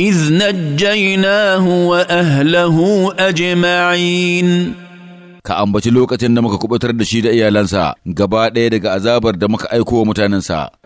إذ نجيناه وأهله أجمعين ka ambaci lokacin da muka kubutar da shi da iyalansa gaba ɗaya daga azabar da muka aiko wa mutanensa